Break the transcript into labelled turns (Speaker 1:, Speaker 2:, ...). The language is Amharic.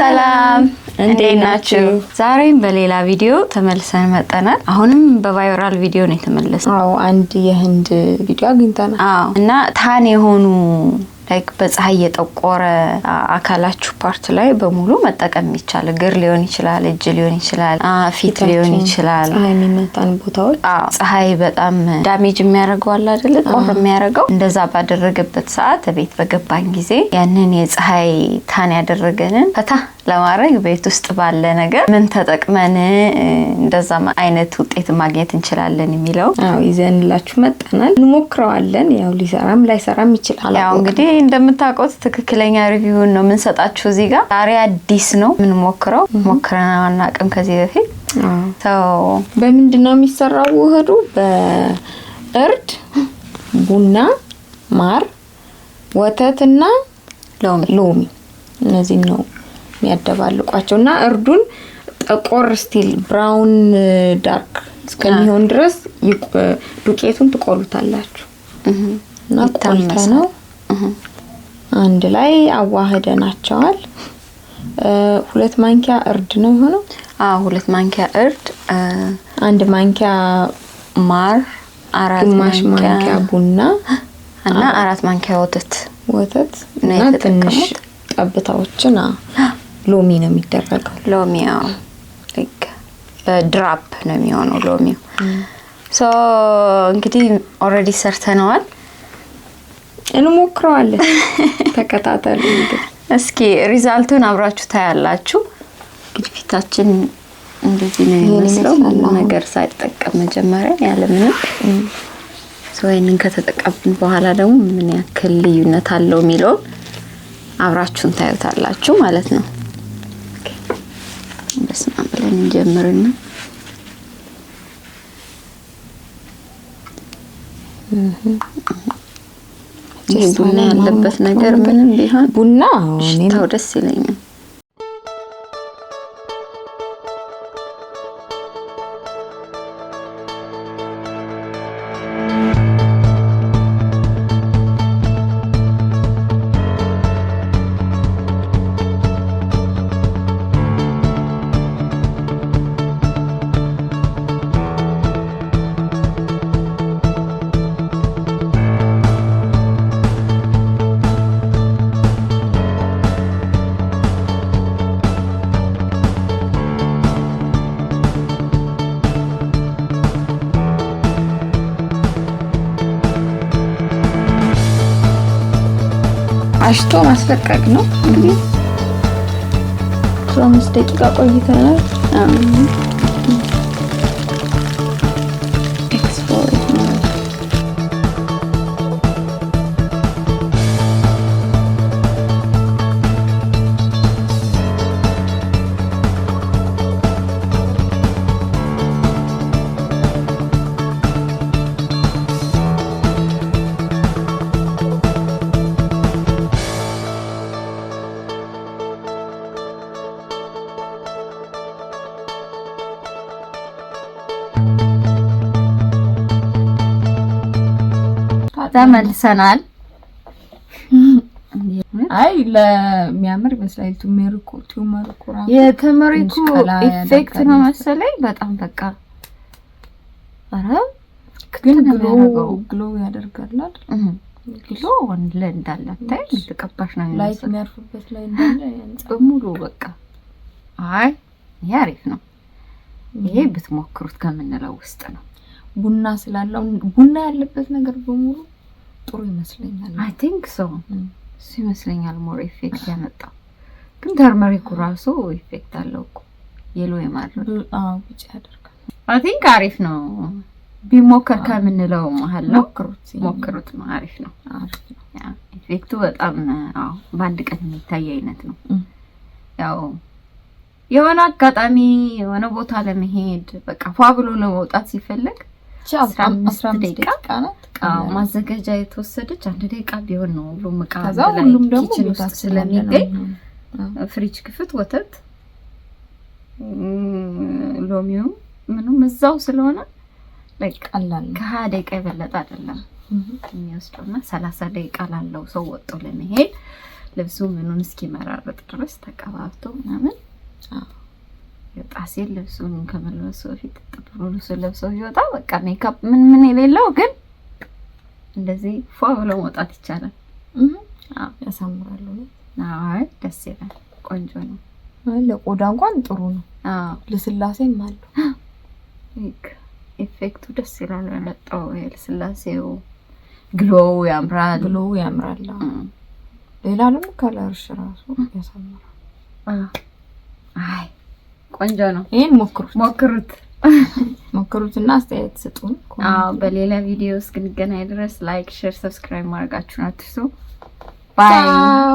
Speaker 1: ሰላም
Speaker 2: እንዴት ናችሁ?
Speaker 1: ዛሬም በሌላ ቪዲዮ ተመልሰን መጠናል። አሁንም በቫይራል ቪዲዮ ነው የተመለስነው።
Speaker 2: አዎ አንድ የህንድ ቪዲዮ አግኝተናል።
Speaker 1: አዎ እና ታን የሆኑ ላይክ በፀሐይ የጠቆረ አካላችሁ ፓርት ላይ በሙሉ መጠቀም ይቻል። እግር ሊሆን ይችላል፣ እጅ ሊሆን ይችላል፣ ፊት ሊሆን ይችላል።
Speaker 2: የሚመጣን ቦታዎች
Speaker 1: ፀሐይ በጣም ዳሜጅ የሚያደርገው አለ አደለ? ጦር የሚያደርገው እንደዛ ባደረገበት ሰዓት ቤት በገባን ጊዜ ያንን የፀሐይ ታን ያደረገንን ፈታ ለማድረግ ቤት ውስጥ ባለ ነገር ምን ተጠቅመን እንደዛ አይነት ውጤት ማግኘት እንችላለን የሚለው
Speaker 2: ይዘንላችሁ መጠናል። እንሞክረዋለን። ያው ሊሰራም ላይሰራም ይችላል።
Speaker 1: ያው እንግዲህ ላይ እንደምታውቁት ትክክለኛ ሪቪውን ነው የምንሰጣችሁ። እዚህ ጋር ዛሬ አዲስ ነው የምንሞክረው፣ ሞክረን አናውቅም ከዚህ በፊት።
Speaker 2: በምንድን ነው የሚሰራው ውህዱ? በእርድ፣ ቡና፣ ማር፣ ወተትና ሎሚ ሎሚ እነዚህ ነው የሚያደባልቋቸው እና እርዱን ጠቆር ስቲል ብራውን ዳርክ እስከሚሆን ድረስ ዱቄቱን ትቆሉታላችሁ እና ቆልተ ነው አንድ ላይ አዋህደናቸዋል። ሁለት ማንኪያ እርድ ነው የሆነው።
Speaker 1: አዎ ሁለት ማንኪያ እርድ፣
Speaker 2: አንድ ማንኪያ ማር፣ አራት ማንኪያ ቡና
Speaker 1: እና አራት ማንኪያ ወተት
Speaker 2: ወተት እና ትንሽ ጠብታዎችን ሎሚ ነው የሚደረገው።
Speaker 1: ሎሚ ያው ልክ በድራፕ ነው የሚሆነው ሎሚው። ሶ እንግዲህ ኦልሬዲ ሰርተነዋል።
Speaker 2: እንሞክረዋለን። ተከታተሉ።
Speaker 1: እስኪ ሪዛልቱን አብራችሁ ታያላችሁ። ግድፊታችን እንደዚህ ነው የሚመስለው። ምንም ነገር ሳይጠቀም መጀመሪያ ያለምንም ወይንን ከተጠቀምን በኋላ ደግሞ ምን ያክል ልዩነት አለው የሚለውን አብራችሁን ታዩታላችሁ ማለት ነው። በስመ አብ ብለን እንጀምርና ቡና ያለበት ነገር ምንም ቢሆን ቡና ሽታው ደስ ይለኛል። አሽቶ ማስለቀቅ ነው እንግዲህ አስራ አምስት ደቂቃ ቆይተናል። ተመልሰናል።
Speaker 2: አይ ለሚያምር ይመስላል። ቱሜሩ ቱሜሩ
Speaker 1: የተመሪኩ ኢፌክት ነው መሰለኝ። በጣም በቃ ኧረ ግን ግሎ ግሎ ያደርጋል ግሎ ወንለ እንዳለ አታይ ልቀባሽ ነው
Speaker 2: ላይት የሚያርፍበት ላይ እንዳለ
Speaker 1: በሙሉ በቃ አይ ይሄ ነው። ይሄ ብትሞክሩት ከምንለው ውስጥ ነው።
Speaker 2: ቡና ስላለው ቡና ያለበት ነገር በሙሉ ጥሩ ይመስለኛል።
Speaker 1: አይ ቲንክ ሶ እሱ ይመስለኛል ሞር ኢፌክት ያመጣው። ግን ተርመሪኩ ራሱ ኢፌክት አለው እኮ የሎ የማድረግ
Speaker 2: ብቻ ያደርጋል።
Speaker 1: አይ ቲንክ አሪፍ ነው ቢሞከር ከምንለው መሀል ነው። ሞክሩት ነው፣ አሪፍ ነው። ኢፌክቱ በጣም በአንድ ቀን የሚታይ አይነት ነው ያው የሆነ አጋጣሚ የሆነ ቦታ ለመሄድ በቃ ፏ ብሎ ለመውጣት ሲፈለግ ማዘገጃ የተወሰደች አንድ ደቂቃ ቢሆን ነው። ሁሉም እቃ ሁሉም ደግሞ ስለሚገኝ ፍሪጅ ክፍት ወተት ሎሚው ምንም እዛው ስለሆነ ከሀያ ደቂቃ የበለጠ አይደለም የሚወስደውና ሰላሳ ደቂቃ ላለው ሰው ወጦ ለመሄድ ልብሱ ምኑን እስኪመራረጥ ድረስ ተቀባብቶ ምናምን የጣሴን ምን ከመልበሱ በፊት ጥሩ ልብሱ ለብሶ ይወጣ። በቃ ሜካፕ ምን ምን የሌለው ግን እንደዚህ ፏ ብሎ መውጣት ይቻላል። ያሳምራሉ። አይ ደስ ይላል። ቆንጆ ነው።
Speaker 2: ለቆዳ እንኳን ጥሩ ነው። ልስላሴም አለው።
Speaker 1: ኢፌክቱ ደስ ይላል። የመጣው የልስላሴው ግሎው ያምራል።
Speaker 2: ግሎው ያምራል። ሌላ ደግሞ ከለርሽ ራሱ ያሳምራል።
Speaker 1: አይ ቆንጆ ነው። ይሄን ሞክሩት ሞክሩት
Speaker 2: ሞክሩትና አስተያየት ስጡን።
Speaker 1: አዎ በሌላ ቪዲዮ እስክንገናኝ ድረስ ላይክ፣ ሼር፣ ሰብስክራይብ ማድረጋችሁን አትርሱ። ባይ